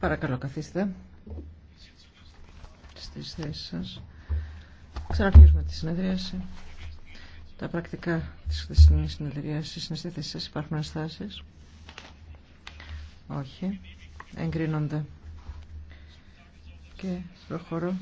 Παρακαλώ, καθίστε στι θέσεις σα. Ξαναρχίζουμε τη συνεδρίαση. Τα πρακτικά τη χθεσινής συνεδρίασης είναι στη θέση σας. Υπάρχουν ενστάσει. Όχι. Εγκρίνονται. Και προχωρώ